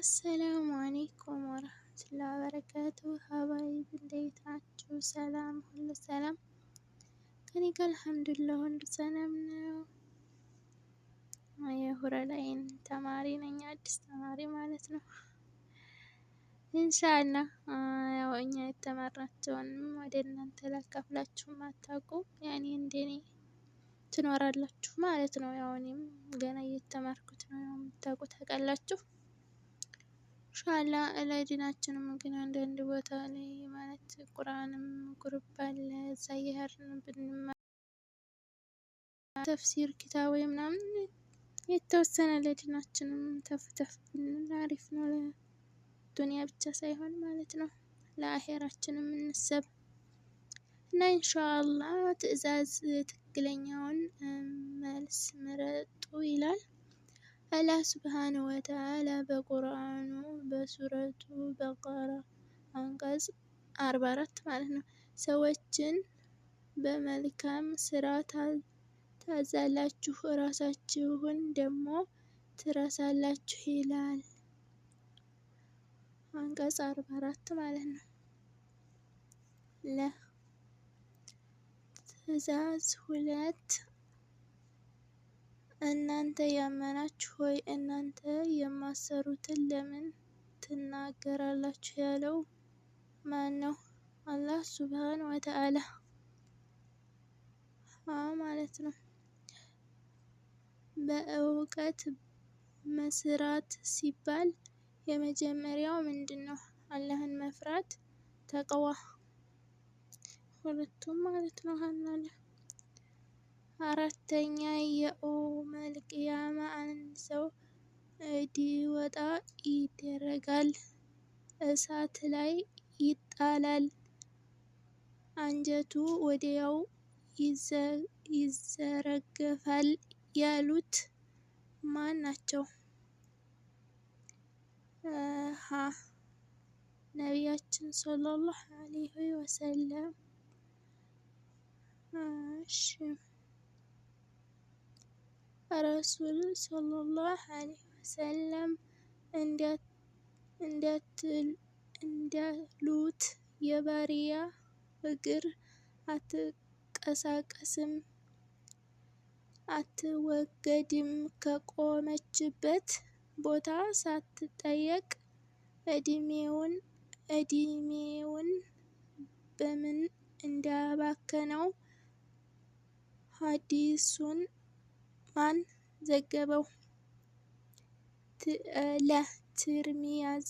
አሰላሙ አሌይኩም ወረህመቱላ በረካቱ ሀባይ እንዴት ናችሁ? ሰላም ሁሉ ሰላም ከኔ ጋር አልሐምዱላ ሁሉ ሰላም ነው። የሁረ ላይን ተማሪ ነኝ አዲስ ተማሪ ማለት ነው። ኢንሻአላ ያው እኛ የተማርናቸውንም ወደ እናንተ ላካፍላችሁ ማታውቁ ያኔ እንደኔ ትኖራላችሁ ማለት ነው። ያው እኔም ገና እየተማርኩት ነው። ያው የምታውቁ ታውቃላችሁ። ሻላ ለዲናችንም ግን አንዳንድ ቦታ ላይ ማለት ቁርአንም ጉርብ አለ እዛ እየሄድን ብንማር ተፍሲር ኪታብ ምናምን የተወሰነ ለዲናችንም ተፍተፍ ብንል አሪፍ ነው። ዱንያ ብቻ ሳይሆን ማለት ነው ለአሄራችንም እንሰብ እና ኢንሻአላ ትእዛዝ ትክክለኛውን መልስ ምረጡ ይላል አላህ ሱብሃነሁ ወተዓላ በቁርአን በሱረቱ በቀራ አንቀጽ 44 ማለት ነው። ሰዎችን በመልካም ስራ ታዛላችሁ ራሳችሁን ደግሞ ትረሳላችሁ ይላል። አንቀጽ 44 ማለት ነው። ለ ትእዛዝ ሁለት እናንተ ያመናችሁ ሆይ እናንተ የማሰሩትን ለምን ትናገራላችሁ ያለው ማን ነው? አላህ ሱብሃነ ወተዓላ ማለት ነው። በእውቀት መስራት ሲባል የመጀመሪያው ምንድን ነው? አላህን መፍራት ተቀዋ ሁለቱም ማለት ነው። ሀናለ አራተኛ የኡመል ቅያማ አንድ ሰው እንዲወጣ ይደረጋል። እሳት ላይ ይጣላል። አንጀቱ ወዲያው ይዘረገፋል ያሉት ማን ናቸው? ሀ. ነቢያችን ሰለላሁ ዐለይሂ ወሰለም። እሺ ረሱል ሰለላሁ ዐለይሂ ሰላም እንዳሉት የባሪያ እግር አትንቀሳቀስም አትወገድም ከቆመችበት ቦታ ሳትጠየቅ እድሜውን እድሜውን በምን እንዳባከነው ሐዲሱን ማን ዘገበው? له آه، ترمياز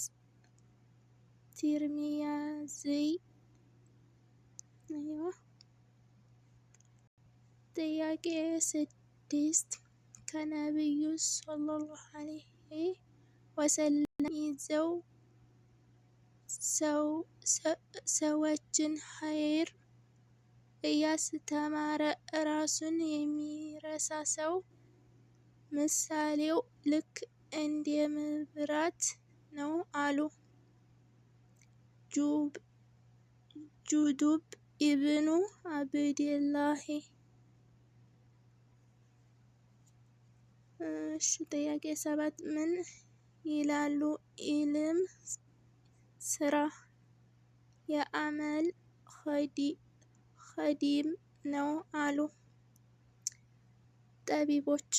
ترميازي أيوة تياكي سدست كنبي صلى الله عليه وسلم يزو سو سوجن خير إياس تمار راسن يمي رساسو مساليو لك እንደምብራት ነው አሉ። ጁዱብ ኢብኑ አብድላሂ እሺ ጥያቄ ሰባት ምን ይላሉ? ኢልም ስራ የአመል ኸዲም ነው አሉ ጠቢቦች።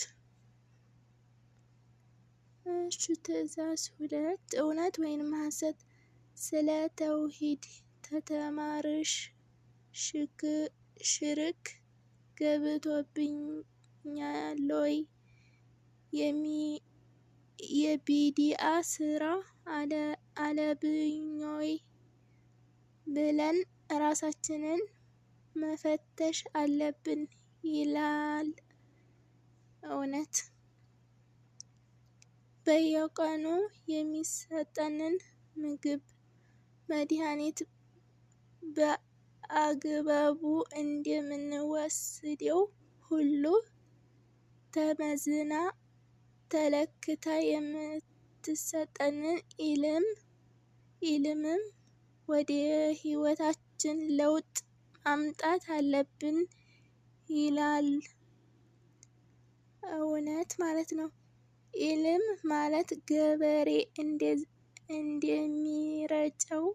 እሺ ትእዛዝ ሁለት እውነት ወይንም ሐሰት ስለ ተውሂድ ተተማርሽ ሽርክ ገብቶብኛሎይ የቢዲአ ስራ አለብኞይ ብለን ራሳችንን መፈተሽ አለብን ይላል እውነት በየቀኑ የሚሰጠንን ምግብ፣ መድሃኒት በአግባቡ እንደምንወስደው ሁሉ ተመዝና ተለክታ የምትሰጠንን ኢልምም ወደ ህይወታችን ለውጥ ማምጣት አለብን ይላል። እውነት ማለት ነው። ኢልም ማለት ገበሬ እንደሚረጨው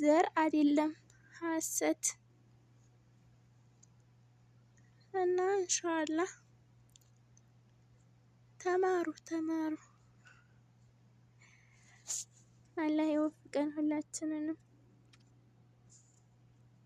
ዘር አይደለም። ሀሰት እና እንሻላ ተማሩ ተማሩ። አላህ ይወፍቀን ሁላችንንም።